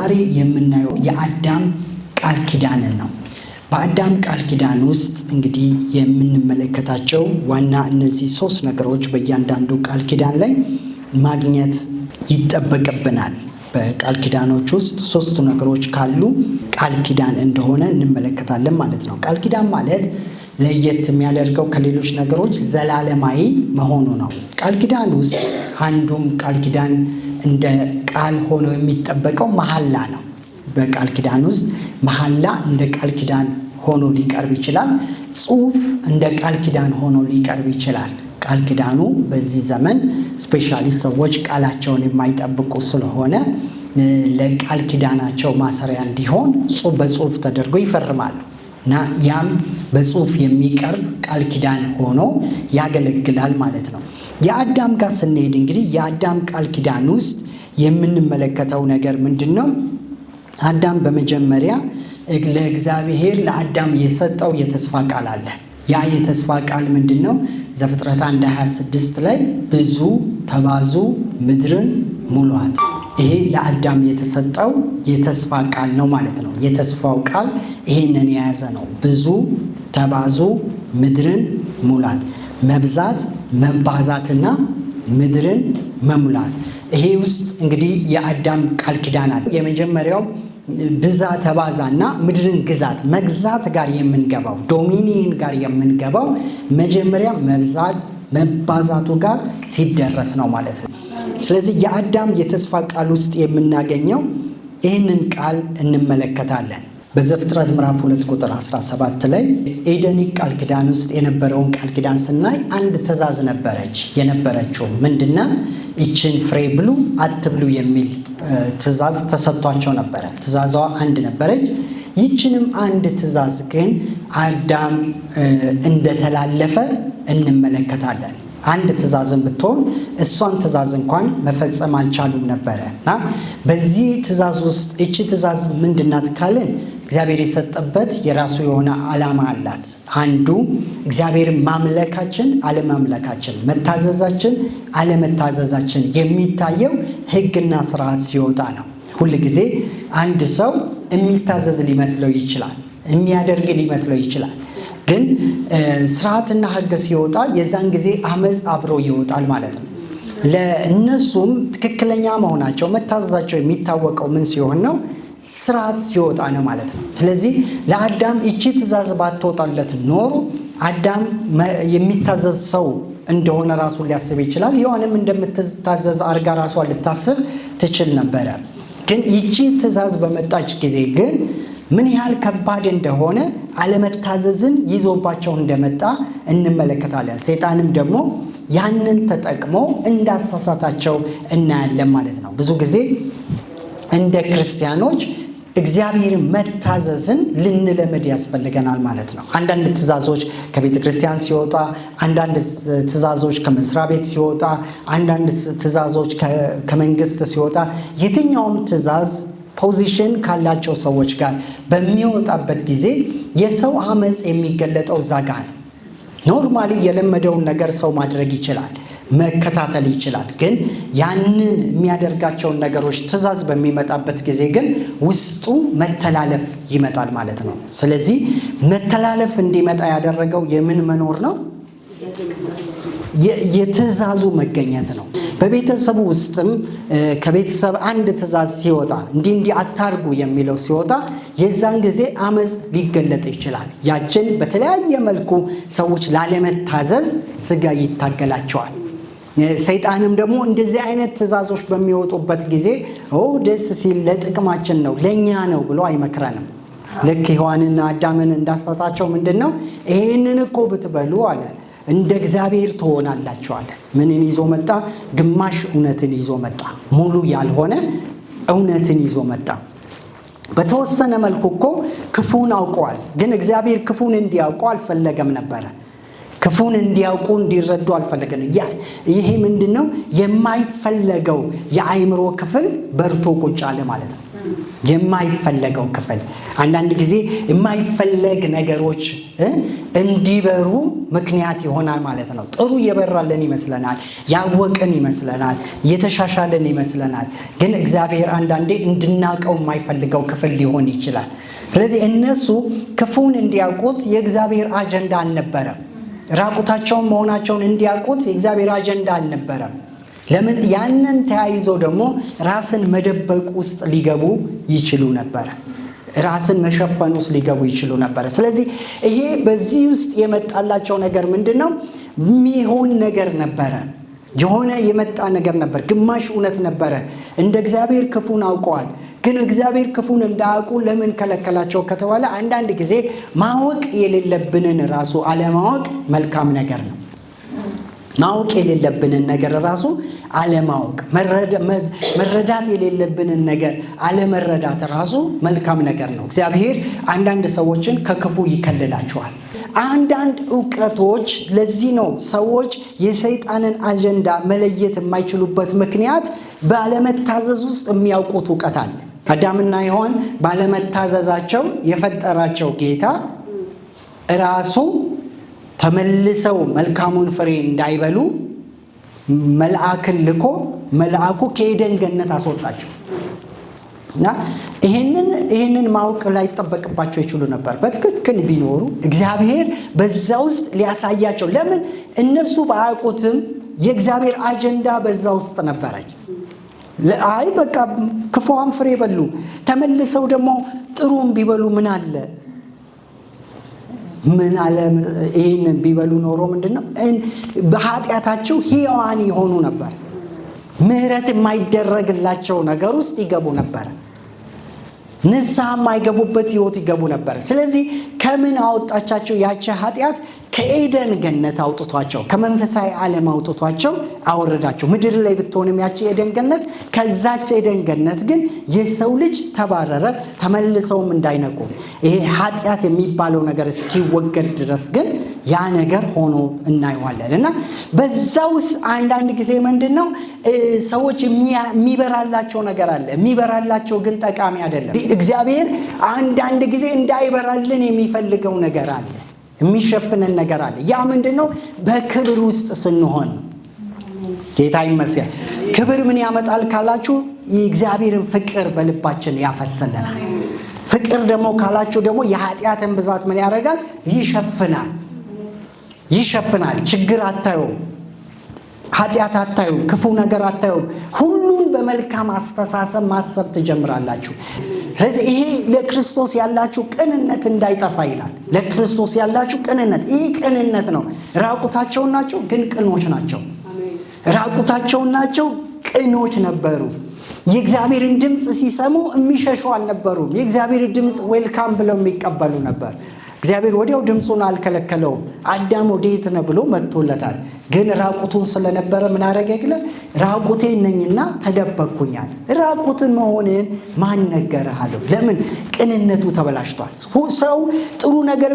ዛሬ የምናየው የአዳም ቃል ኪዳንን ነው። በአዳም ቃል ኪዳን ውስጥ እንግዲህ የምንመለከታቸው ዋና እነዚህ ሶስት ነገሮች በእያንዳንዱ ቃል ኪዳን ላይ ማግኘት ይጠበቅብናል። በቃል ኪዳኖች ውስጥ ሶስቱ ነገሮች ካሉ ቃል ኪዳን እንደሆነ እንመለከታለን ማለት ነው። ቃል ኪዳን ማለት ለየት የሚያደርገው ከሌሎች ነገሮች ዘላለማዊ መሆኑ ነው። ቃል ኪዳን ውስጥ አንዱም ቃል ኪዳን እንደ ቃል ሆኖ የሚጠበቀው መሐላ ነው። በቃል ኪዳን ውስጥ መሐላ እንደ ቃል ኪዳን ሆኖ ሊቀርብ ይችላል። ጽሁፍ እንደ ቃል ኪዳን ሆኖ ሊቀርብ ይችላል። ቃል ኪዳኑ በዚህ ዘመን ስፔሻሊ ሰዎች ቃላቸውን የማይጠብቁ ስለሆነ ለቃል ኪዳናቸው ማሰሪያ እንዲሆን በጽሁፍ ተደርጎ ይፈርማሉ እና ያም በጽሁፍ የሚቀርብ ቃል ኪዳን ሆኖ ያገለግላል ማለት ነው። የአዳም ጋር ስንሄድ እንግዲህ የአዳም ቃል ኪዳን ውስጥ የምንመለከተው ነገር ምንድን ነው? አዳም በመጀመሪያ ለእግዚአብሔር ለአዳም የሰጠው የተስፋ ቃል አለ። ያ የተስፋ ቃል ምንድን ነው? ዘፍጥረት 1 26 ላይ ብዙ ተባዙ፣ ምድርን ሙሏት። ይሄ ለአዳም የተሰጠው የተስፋ ቃል ነው ማለት ነው። የተስፋው ቃል ይሄንን የያዘ ነው። ብዙ ተባዙ፣ ምድርን ሙላት፣ መብዛት መባዛትና ምድርን መሙላት። ይሄ ውስጥ እንግዲህ የአዳም ቃል ኪዳን አለ። የመጀመሪያው ብዛ ተባዛ እና ምድርን ግዛት መግዛት ጋር የምንገባው ዶሚኒየን ጋር የምንገባው መጀመሪያ መብዛት መባዛቱ ጋር ሲደረስ ነው ማለት ነው። ስለዚህ የአዳም የተስፋ ቃል ውስጥ የምናገኘው ይህንን ቃል እንመለከታለን። በዘፍጥረት ምዕራፍ ሁለት ቁጥር 17 ላይ ኤደኒክ ቃል ኪዳን ውስጥ የነበረውን ቃል ኪዳን ስናይ አንድ ትእዛዝ ነበረች የነበረችው ምንድናት? ይችን ፍሬ ብሉ አትብሉ የሚል ትእዛዝ ተሰጥቷቸው ነበረ። ትእዛዟ አንድ ነበረች። ይችንም አንድ ትእዛዝ ግን አዳም እንደተላለፈ እንመለከታለን። አንድ ትእዛዝን ብትሆን እሷን ትእዛዝ እንኳን መፈጸም አልቻሉም ነበረ እና በዚህ ትእዛዝ ውስጥ እቺ ትእዛዝ ምንድናት ካልን እግዚአብሔር የሰጠበት የራሱ የሆነ ዓላማ አላት። አንዱ እግዚአብሔር ማምለካችን አለማምለካችን፣ መታዘዛችን አለመታዘዛችን የሚታየው ሕግና ስርዓት ሲወጣ ነው። ሁል ጊዜ አንድ ሰው የሚታዘዝ ሊመስለው ይችላል፣ የሚያደርግ ሊመስለው ይችላል። ግን ስርዓትና ሕግ ሲወጣ የዛን ጊዜ አመፅ አብሮ ይወጣል ማለት ነው። ለእነሱም ትክክለኛ መሆናቸው መታዘዛቸው የሚታወቀው ምን ሲሆን ነው? ስርዓት ሲወጣ ነው ማለት ነው። ስለዚህ ለአዳም ይቺ ትእዛዝ ባትወጣለት ኖሩ አዳም የሚታዘዝ ሰው እንደሆነ ራሱን ሊያስብ ይችላል። ሔዋንም እንደምትታዘዝ አርጋ ራሷን ልታስብ ትችል ነበረ። ግን ይቺ ትእዛዝ በመጣች ጊዜ ግን ምን ያህል ከባድ እንደሆነ አለመታዘዝን ይዞባቸው እንደመጣ እንመለከታለን። ሰይጣንም ደግሞ ያንን ተጠቅሞ እንዳሳሳታቸው እናያለን ማለት ነው ብዙ ጊዜ እንደ ክርስቲያኖች እግዚአብሔር መታዘዝን ልንለመድ ያስፈልገናል ማለት ነው። አንዳንድ ትእዛዞች ከቤተ ክርስቲያን ሲወጣ፣ አንዳንድ ትእዛዞች ከመስሪያ ቤት ሲወጣ፣ አንዳንድ ትእዛዞች ከመንግስት ሲወጣ፣ የትኛውም ትእዛዝ ፖዚሽን ካላቸው ሰዎች ጋር በሚወጣበት ጊዜ የሰው አመፅ የሚገለጠው እዛ ጋር ነው። ኖርማሊ የለመደውን ነገር ሰው ማድረግ ይችላል። መከታተል ይችላል። ግን ያንን የሚያደርጋቸውን ነገሮች ትዕዛዝ በሚመጣበት ጊዜ ግን ውስጡ መተላለፍ ይመጣል ማለት ነው። ስለዚህ መተላለፍ እንዲመጣ ያደረገው የምን መኖር ነው? የትእዛዙ መገኘት ነው። በቤተሰቡ ውስጥም ከቤተሰብ አንድ ትእዛዝ ሲወጣ እንዲህ እንዲህ አታርጉ የሚለው ሲወጣ የዛን ጊዜ አመፅ ሊገለጥ ይችላል። ያችን በተለያየ መልኩ ሰዎች ላለመታዘዝ ስጋ ይታገላቸዋል። ሰይጣንም ደግሞ እንደዚህ አይነት ትእዛዞች በሚወጡበት ጊዜ ደስ ሲል ለጥቅማችን ነው ለእኛ ነው ብሎ አይመክረንም። ልክ ህዋንና አዳምን እንዳሳታቸው ምንድን ነው ይህንን እኮ ብትበሉ አለ እንደ እግዚአብሔር ትሆናላቸዋለ ምንን ይዞ መጣ? ግማሽ እውነትን ይዞ መጣ። ሙሉ ያልሆነ እውነትን ይዞ መጣ። በተወሰነ መልኩ እኮ ክፉን አውቀዋል፣ ግን እግዚአብሔር ክፉን እንዲያውቀው አልፈለገም ነበረ። ክፉን እንዲያውቁ እንዲረዱ አልፈለገንም። ይሄ ምንድን ነው? የማይፈለገው የአእምሮ ክፍል በርቶ ቁጭ አለ ማለት ነው። የማይፈለገው ክፍል አንዳንድ ጊዜ የማይፈለግ ነገሮች እንዲበሩ ምክንያት ይሆናል ማለት ነው። ጥሩ እየበራለን ይመስለናል፣ ያወቅን ይመስለናል፣ እየተሻሻለን ይመስለናል። ግን እግዚአብሔር አንዳንዴ እንድናውቀው የማይፈልገው ክፍል ሊሆን ይችላል። ስለዚህ እነሱ ክፉን እንዲያውቁት የእግዚአብሔር አጀንዳ አልነበረም። ራቁታቸውን መሆናቸውን እንዲያውቁት የእግዚአብሔር አጀንዳ አልነበረም። ለምን ያንን ተያይዞ ደግሞ ራስን መደበቅ ውስጥ ሊገቡ ይችሉ ነበረ። ራስን መሸፈን ውስጥ ሊገቡ ይችሉ ነበረ። ስለዚህ ይሄ በዚህ ውስጥ የመጣላቸው ነገር ምንድን ነው? ሚሆን ነገር ነበረ የሆነ የመጣ ነገር ነበር። ግማሽ እውነት ነበረ። እንደ እግዚአብሔር ክፉን አውቀዋል፣ ግን እግዚአብሔር ክፉን እንዳያውቁ ለምን ከለከላቸው ከተባለ አንዳንድ ጊዜ ማወቅ የሌለብንን ራሱ አለማወቅ መልካም ነገር ነው። ማወቅ የሌለብንን ነገር ራሱ አለማወቅ፣ መረዳት የሌለብንን ነገር አለመረዳት ራሱ መልካም ነገር ነው። እግዚአብሔር አንዳንድ ሰዎችን ከክፉ ይከልላቸዋል። አንዳንድ እውቀቶች ለዚህ ነው ሰዎች የሰይጣንን አጀንዳ መለየት የማይችሉበት ምክንያት ባለመታዘዝ ውስጥ የሚያውቁት እውቀት አለ። አዳምና ሔዋን ባለመታዘዛቸው የፈጠራቸው ጌታ ራሱ ተመልሰው መልካሙን ፍሬ እንዳይበሉ መልአክን ልኮ መልአኩ ከኤደን ገነት አስወጣቸው። እና ይህንን ይህንን ማወቅ ላይጠበቅባቸው ይችሉ ነበር። በትክክል ቢኖሩ እግዚአብሔር በዛ ውስጥ ሊያሳያቸው ለምን እነሱ ባያውቁትም የእግዚአብሔር አጀንዳ በዛ ውስጥ ነበረች። አይ በቃ ክፉዋን ፍሬ በሉ፣ ተመልሰው ደግሞ ጥሩም ቢበሉ ምን አለ ምን አለ ይህንን ቢበሉ ኖሮ ምንድነው በኃጢአታቸው ሕያዋን የሆኑ ነበር። ምሕረት የማይደረግላቸው ነገር ውስጥ ይገቡ ነበር። ንስሐ የማይገቡበት ህይወት ይገቡ ነበር። ስለዚህ ከምን አወጣቻቸው? ያቸ ኃጢአት ከኤደን ገነት አውጥቷቸው ከመንፈሳዊ ዓለም አውጥቷቸው አወረዳቸው። ምድር ላይ ብትሆንም ያች ኤደን ገነት ከዛች ኤደን ገነት ግን የሰው ልጅ ተባረረ። ተመልሰውም እንዳይነቁ ይሄ ኃጢአት የሚባለው ነገር እስኪወገድ ድረስ ግን ያ ነገር ሆኖ እናየዋለን እና በዛ ውስጥ አንዳንድ ጊዜ ምንድን ነው ሰዎች የሚበራላቸው ነገር አለ። የሚበራላቸው ግን ጠቃሚ አይደለም። እግዚአብሔር አንዳንድ ጊዜ እንዳይበራልን የሚፈልገው ነገር አለ። የሚሸፍነን ነገር አለ። ያ ምንድን ነው? በክብር ውስጥ ስንሆን ጌታ ይመስገን። ክብር ምን ያመጣል ካላችሁ፣ የእግዚአብሔርን ፍቅር በልባችን ያፈሰልናል። ፍቅር ደግሞ ካላችሁ ደግሞ የኃጢአትን ብዛት ምን ያደርጋል? ይሸፍናል፣ ይሸፍናል። ችግር አታዩም። ኃጢአት አታዩም፣ ክፉ ነገር አታዩም። ሁሉን በመልካም አስተሳሰብ ማሰብ ትጀምራላችሁ። ይሄ ለክርስቶስ ያላችሁ ቅንነት እንዳይጠፋ ይላል። ለክርስቶስ ያላችሁ ቅንነት፣ ይህ ቅንነት ነው። ራቁታቸውን ናቸው፣ ግን ቅኖች ናቸው። ራቁታቸውን ናቸው፣ ቅኖች ነበሩ። የእግዚአብሔርን ድምፅ ሲሰሙ የሚሸሹ አልነበሩም። የእግዚአብሔር ድምፅ ዌልካም ብለው የሚቀበሉ ነበር። እግዚአብሔር ወዲያው ድምፁን አልከለከለውም። አዳም ወዴት ነ ብሎ መጥቶለታል። ግን ራቁቱን ስለነበረ ምን አረገ? ግለ ራቁቴ ነኝና ተደበኩኛል ራቁትን መሆንን ማን ነገረህ አለው። ለምን ቅንነቱ ተበላሽቷል። ሰው ጥሩ ነገር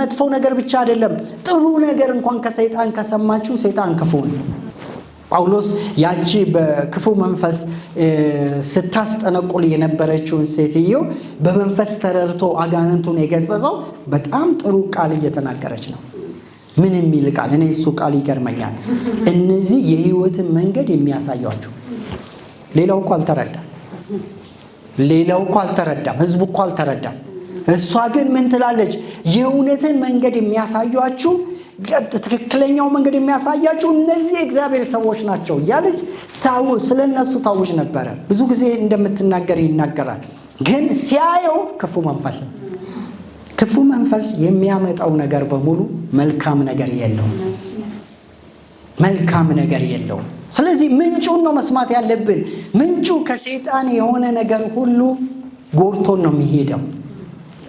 መጥፎ ነገር ብቻ አይደለም፣ ጥሩ ነገር እንኳን ከሰይጣን ከሰማችሁ ሰይጣን ክፉ ነው። ጳውሎስ ያቺ በክፉ መንፈስ ስታስጠነቁል የነበረችውን ሴትዮ በመንፈስ ተረድቶ አጋንንቱን የገሰጸው በጣም ጥሩ ቃል እየተናገረች ነው። ምን የሚል ቃል! እኔ እሱ ቃል ይገርመኛል። እነዚህ የህይወትን መንገድ የሚያሳያችሁ። ሌላው እኳ አልተረዳም፣ ሌላው እኳ አልተረዳም፣ ህዝቡ እኳ አልተረዳም። እሷ ግን ምን ትላለች? የእውነትን መንገድ የሚያሳዩችሁ ትክክለኛው መንገድ የሚያሳያቸው እነዚህ የእግዚአብሔር ሰዎች ናቸው እያለች ስለ እነሱ ታውጅ ነበረ። ብዙ ጊዜ እንደምትናገር ይናገራል። ግን ሲያየው ክፉ መንፈስ ክፉ መንፈስ የሚያመጣው ነገር በሙሉ መልካም ነገር የለውም፣ መልካም ነገር የለውም። ስለዚህ ምንጩን ነው መስማት ያለብን። ምንጩ ከሴጣን የሆነ ነገር ሁሉ ጎርቶን ነው የሚሄደው፣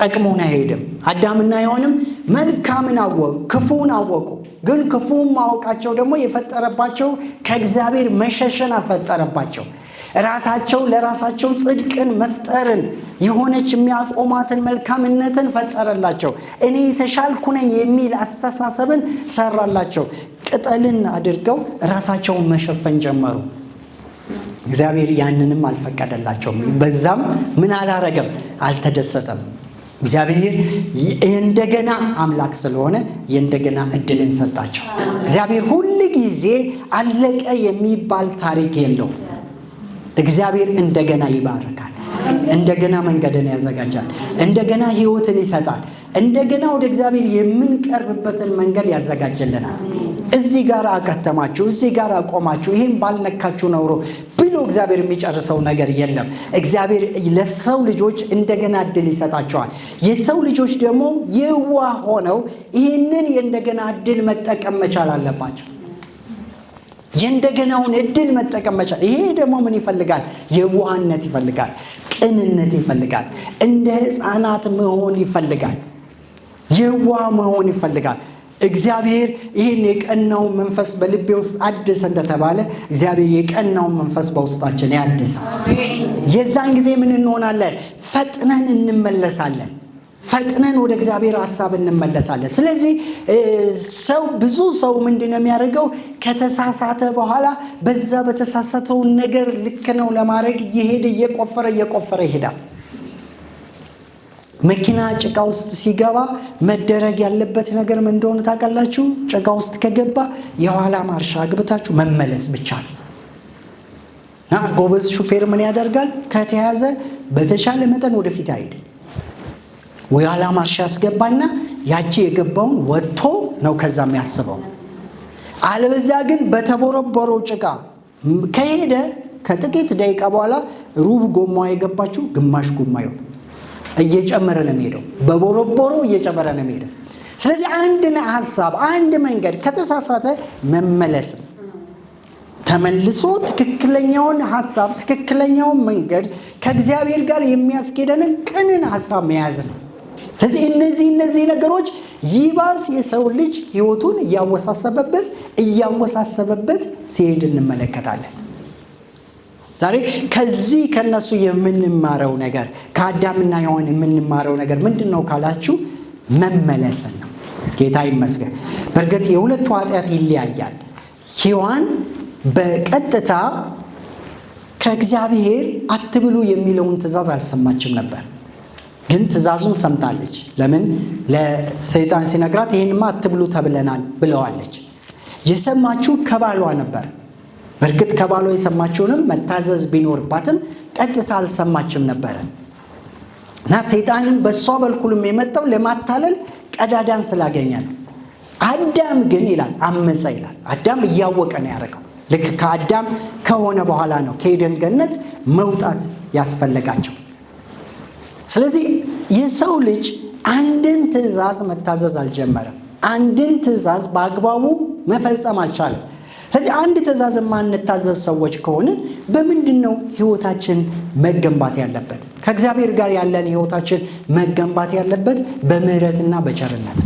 ጠቅሞን አይሄድም። አዳምና አይሆንም መልካምን አወቁ፣ ክፉውን አወቁ። ግን ክፉውን ማወቃቸው ደግሞ የፈጠረባቸው ከእግዚአብሔር መሸሸን አፈጠረባቸው። ራሳቸው ለራሳቸው ጽድቅን መፍጠርን የሆነች የሚያቆማትን መልካምነትን ፈጠረላቸው። እኔ የተሻልኩ ነኝ የሚል አስተሳሰብን ሰራላቸው። ቅጠልን አድርገው ራሳቸውን መሸፈን ጀመሩ። እግዚአብሔር ያንንም አልፈቀደላቸውም። በዛም ምን አላረገም? አልተደሰተም። እግዚአብሔር እንደገና አምላክ ስለሆነ የእንደገና እድልን ሰጣቸው። እግዚአብሔር ሁል ጊዜ አለቀ የሚባል ታሪክ የለው እግዚአብሔር እንደገና ይባርካል። እንደገና መንገድን ያዘጋጃል። እንደገና ህይወትን ይሰጣል። እንደገና ወደ እግዚአብሔር የምንቀርብበትን መንገድ ያዘጋጅልናል። እዚህ ጋር አከተማችሁ፣ እዚህ ጋር አቆማችሁ፣ ይህም ባልነካችሁ ኖሮ በሌለው እግዚአብሔር የሚጨርሰው ነገር የለም። እግዚአብሔር ለሰው ልጆች እንደገና እድል ይሰጣቸዋል። የሰው ልጆች ደግሞ የዋ ሆነው ይህንን የእንደገና እድል መጠቀም መቻል አለባቸው። የእንደገናውን እድል መጠቀም መቻል። ይሄ ደግሞ ምን ይፈልጋል? የዋህነት ይፈልጋል፣ ቅንነት ይፈልጋል፣ እንደ ሕፃናት መሆን ይፈልጋል፣ የዋ መሆን ይፈልጋል። እግዚአብሔር ይህን የቀናውን መንፈስ በልቤ ውስጥ አደሰ እንደተባለ እግዚአብሔር የቀናውን መንፈስ በውስጣችን ያደሰ። የዛን ጊዜ ምን እንሆናለን? ፈጥነን እንመለሳለን። ፈጥነን ወደ እግዚአብሔር ሀሳብ እንመለሳለን። ስለዚህ ሰው ብዙ ሰው ምንድን ነው የሚያደርገው? ከተሳሳተ በኋላ በዛ በተሳሳተውን ነገር ልክ ነው ለማድረግ እየሄደ እየቆፈረ እየቆፈረ ይሄዳል። መኪና ጭቃ ውስጥ ሲገባ መደረግ ያለበት ነገር ምን እንደሆነ ታውቃላችሁ? ጭቃ ውስጥ ከገባ የኋላ ማርሻ አግብታችሁ መመለስ ብቻ ነው እና ጎበዝ ሹፌር ምን ያደርጋል? ከተያዘ በተሻለ መጠን ወደፊት አይሄድም። የኋላ ማርሻ ያስገባና ያቺ የገባውን ወጥቶ ነው ከዛ የሚያስበው። አለበዛ ግን በተቦረቦረው ጭቃ ከሄደ ከጥቂት ደቂቃ በኋላ ሩብ ጎማ የገባችው ግማሽ ጎማ ይሆናል። እየጨመረ ነው የሚሄደው። በቦሮቦሮ እየጨመረ ነው የሚሄደው። ስለዚህ አንድን ሀሳብ አንድ መንገድ ከተሳሳተ መመለስ ተመልሶ ትክክለኛውን ሀሳብ ትክክለኛውን መንገድ ከእግዚአብሔር ጋር የሚያስኬደንን ቅንን ሀሳብ መያዝ ነው። ስለዚህ እነዚህ እነዚህ ነገሮች ይባስ የሰው ልጅ ህይወቱን እያወሳሰበበት እያወሳሰበበት ሲሄድ እንመለከታለን። ዛሬ ከዚህ ከነሱ የምንማረው ነገር ከአዳምና ሔዋን የምንማረው ነገር ምንድን ነው ካላችሁ መመለስን ነው። ጌታ ይመስገን። በእርግጥ የሁለቱ ኃጢአት ይለያያል። ሔዋን በቀጥታ ከእግዚአብሔር አትብሉ የሚለውን ትእዛዝ አልሰማችም ነበር፣ ግን ትእዛዙን ሰምታለች። ለምን? ለሰይጣን ሲነግራት ይህንማ አትብሉ ተብለናል ብለዋለች። የሰማችው ከባሏ ነበር። በእርግጥ ከባሏ የሰማችውንም መታዘዝ ቢኖርባትም ቀጥታ አልሰማችም ነበረ እና ሰይጣንን በእሷ በልኩልም የመጣው ለማታለል ቀዳዳን ስላገኘ ነው። አዳም ግን ይላል አመፀ ይላል። አዳም እያወቀ ነው ያደረገው። ልክ ከአዳም ከሆነ በኋላ ነው ከደንገነት መውጣት ያስፈለጋቸው። ስለዚህ የሰው ልጅ አንድን ትዕዛዝ መታዘዝ አልጀመረም። አንድን ትዕዛዝ በአግባቡ መፈጸም አልቻለም። ስለዚህ አንድ ትእዛዝ የማንታዘዝ ሰዎች ከሆነ በምንድን ነው ህይወታችን መገንባት ያለበት? ከእግዚአብሔር ጋር ያለን ህይወታችን መገንባት ያለበት በምህረትና በቸርነት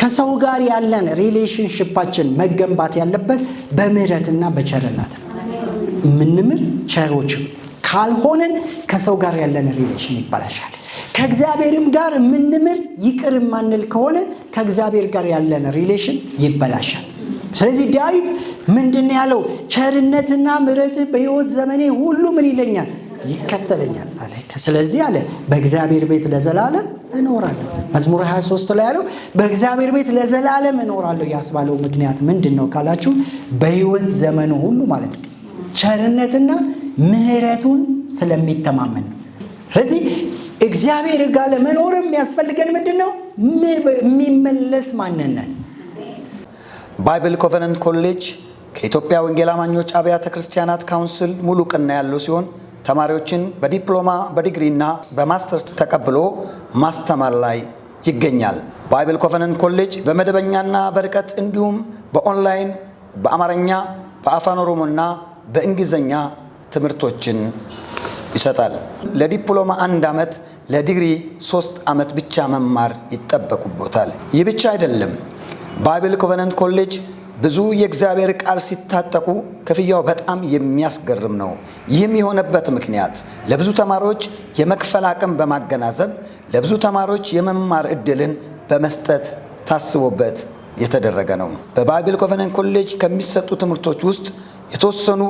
ከሰው ጋር ያለን ሪሌሽንሽፓችን መገንባት ያለበት በምህረትና በቸርነት ነው። ቸሮች ካልሆነን ከሰው ጋር ያለን ሪሌሽን ይበላሻል። ከእግዚአብሔርም ጋር ምንምር ይቅር የማንል ከሆነ ከእግዚአብሔር ጋር ያለን ሪሌሽን ይበላሻል። ስለዚህ ዳዊት ምንድን ያለው? ቸርነትና ምረት በህይወት ዘመኔ ሁሉ ምን ይለኛል? ይከተለኛል አለ። ስለዚህ አለ በእግዚአብሔር ቤት ለዘላለም እኖራለሁ። መዝሙር 23 ላይ ያለው በእግዚአብሔር ቤት ለዘላለም እኖራለሁ ያስባለው ምክንያት ምንድን ነው ካላችሁ በህይወት ዘመኑ ሁሉ ማለት ነው ቸርነትና ምህረቱን ስለሚተማመን ነው። ስለዚህ እግዚአብሔር ጋር ለመኖር የሚያስፈልገን ምንድን ነው? የሚመለስ ማንነት ባይብል ኮቨነንት ኮሌጅ ከኢትዮጵያ ወንጌል አማኞች አብያተ ክርስቲያናት ካውንስል ሙሉ ቅና ያለው ሲሆን ተማሪዎችን በዲፕሎማ በዲግሪና በማስተርስ ተቀብሎ ማስተማር ላይ ይገኛል። ባይብል ኮቨነንት ኮሌጅ በመደበኛና በርቀት እንዲሁም በኦንላይን በአማርኛ፣ በአፋን ኦሮሞና በእንግሊዝኛ ትምህርቶችን ይሰጣል። ለዲፕሎማ አንድ ዓመት፣ ለዲግሪ ሶስት ዓመት ብቻ መማር ይጠበቁቦታል። ይህ ብቻ አይደለም። ባይብል ኮቨነንት ኮሌጅ ብዙ የእግዚአብሔር ቃል ሲታጠቁ ክፍያው በጣም የሚያስገርም ነው። ይህም የሆነበት ምክንያት ለብዙ ተማሪዎች የመክፈል አቅም በማገናዘብ ለብዙ ተማሪዎች የመማር እድልን በመስጠት ታስቦበት የተደረገ ነው። በባይብል ኮቨነንት ኮሌጅ ከሚሰጡ ትምህርቶች ውስጥ የተወሰኑ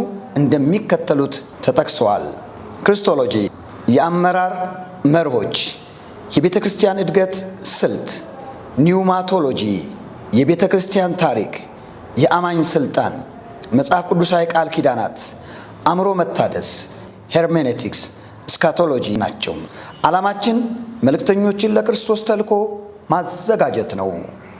እንደሚከተሉት ተጠቅሰዋል። ክርስቶሎጂ፣ የአመራር መርሆች፣ የቤተ ክርስቲያን እድገት ስልት፣ ኒውማቶሎጂ የቤተ ክርስቲያን ታሪክ፣ የአማኝ ስልጣን፣ መጽሐፍ ቅዱሳዊ ቃል ኪዳናት፣ አእምሮ መታደስ፣ ሄርሜኔቲክስ፣ ስካቶሎጂ ናቸው። ዓላማችን መልእክተኞችን ለክርስቶስ ተልኮ ማዘጋጀት ነው።